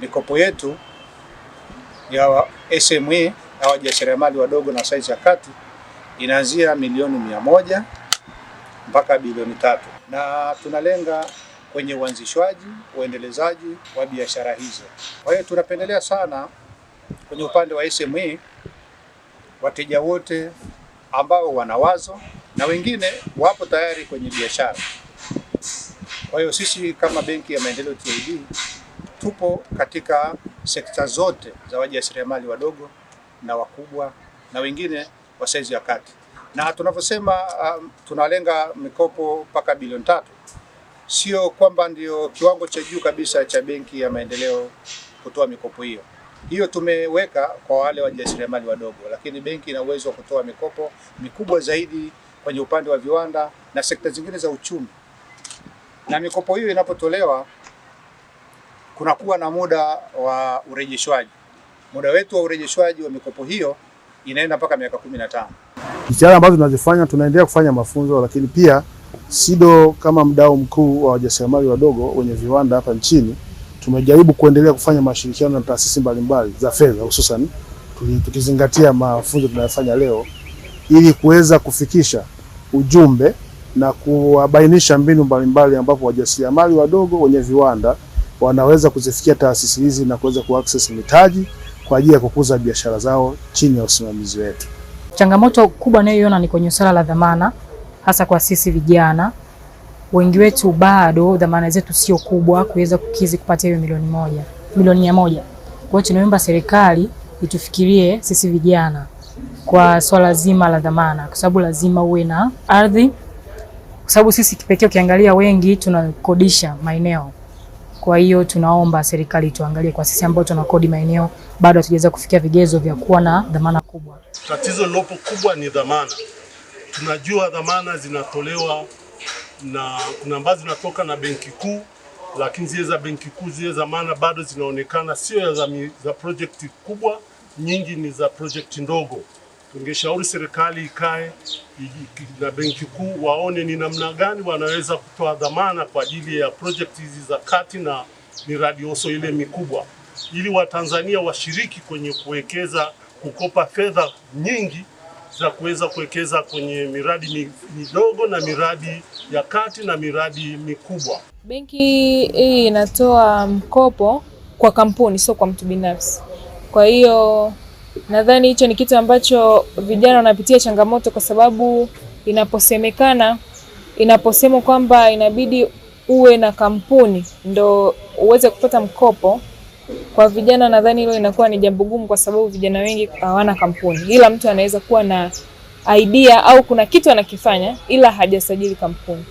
mikopo yetu ya SME au wajasiriamali wadogo na saizi ya kati inaanzia milioni mia moja mpaka bilioni tatu na tunalenga kwenye uanzishwaji, uendelezaji wa biashara hizo. Kwa hiyo tunapendelea sana kwenye upande wa SME wateja wote ambao wana wazo na wengine wapo tayari kwenye biashara. Kwa hiyo sisi kama Benki ya Maendeleo tid tupo katika sekta zote za wajasiriamali wadogo na wakubwa na wengine wa saizi ya kati, na tunavyosema um, tunalenga mikopo mpaka bilioni tatu. Sio kwamba ndio kiwango cha juu kabisa cha Benki ya Maendeleo kutoa mikopo hiyo hiyo tumeweka kwa wale wajasiriamali wadogo, lakini benki ina uwezo wa kutoa mikopo mikubwa zaidi kwenye upande wa viwanda na sekta zingine za uchumi, na mikopo hiyo inapotolewa kunakuwa na muda wa urejeshwaji. Muda wetu wa urejeshwaji wa mikopo hiyo inaenda mpaka miaka kumi na tano. Jitihada ambazo tunazifanya, tunaendelea kufanya mafunzo, lakini pia SIDO kama mdau mkuu wa wajasiriamali wadogo wenye viwanda hapa nchini tumejaribu kuendelea kufanya mashirikiano na taasisi mbalimbali za fedha, hususan tukizingatia mafunzo tunayofanya leo, ili kuweza kufikisha ujumbe na kuwabainisha mbinu mbalimbali ambapo wajasiriamali wadogo wenye viwanda wanaweza kuzifikia taasisi hizi na kuweza access mitaji kwa ajili ya kukuza biashara zao chini ya usimamizi wetu. Changamoto kubwa nayoiona ni kwenye swala la dhamana, hasa kwa sisi vijana wengi wetu bado dhamana zetu sio kubwa kuweza kukizi kupata hiyo milioni moja, milioni mia moja. Kwa hiyo tunaomba serikali itufikirie sisi vijana kwa swala zima la dhamana, kwa sababu lazima uwe na ardhi, kwa sababu sisi kipekee, ukiangalia wengi tunakodisha maeneo kwa hiyo tunaomba serikali tuangalie, kwa sisi ambao tunakodi maeneo bado hatujaweza kufikia vigezo vya kuwa na dhamana kubwa. Tatizo lilopo kubwa ni dhamana. Tunajua dhamana zinatolewa na kuna ambazo zinatoka na benki kuu, lakini zile za benki kuu zile dhamana bado zinaonekana sio za, za project kubwa, nyingi ni za project ndogo tungeshauri serikali ikae na benki kuu waone ni namna gani wanaweza kutoa dhamana kwa ajili ya project hizi za kati na miradi oso ile mikubwa, ili Watanzania washiriki kwenye kuwekeza, kukopa fedha nyingi za kuweza kuwekeza kwenye miradi midogo na miradi ya kati na miradi mikubwa. Benki hii inatoa mkopo kwa kampuni, sio kwa mtu binafsi, kwa hiyo Nadhani hicho ni kitu ambacho vijana wanapitia changamoto, kwa sababu inaposemekana, inaposemwa kwamba inabidi uwe na kampuni ndo uweze kupata mkopo kwa vijana, nadhani hilo inakuwa ni jambo gumu, kwa sababu vijana wengi hawana kampuni, ila mtu anaweza kuwa na idea au kuna kitu anakifanya ila hajasajili kampuni.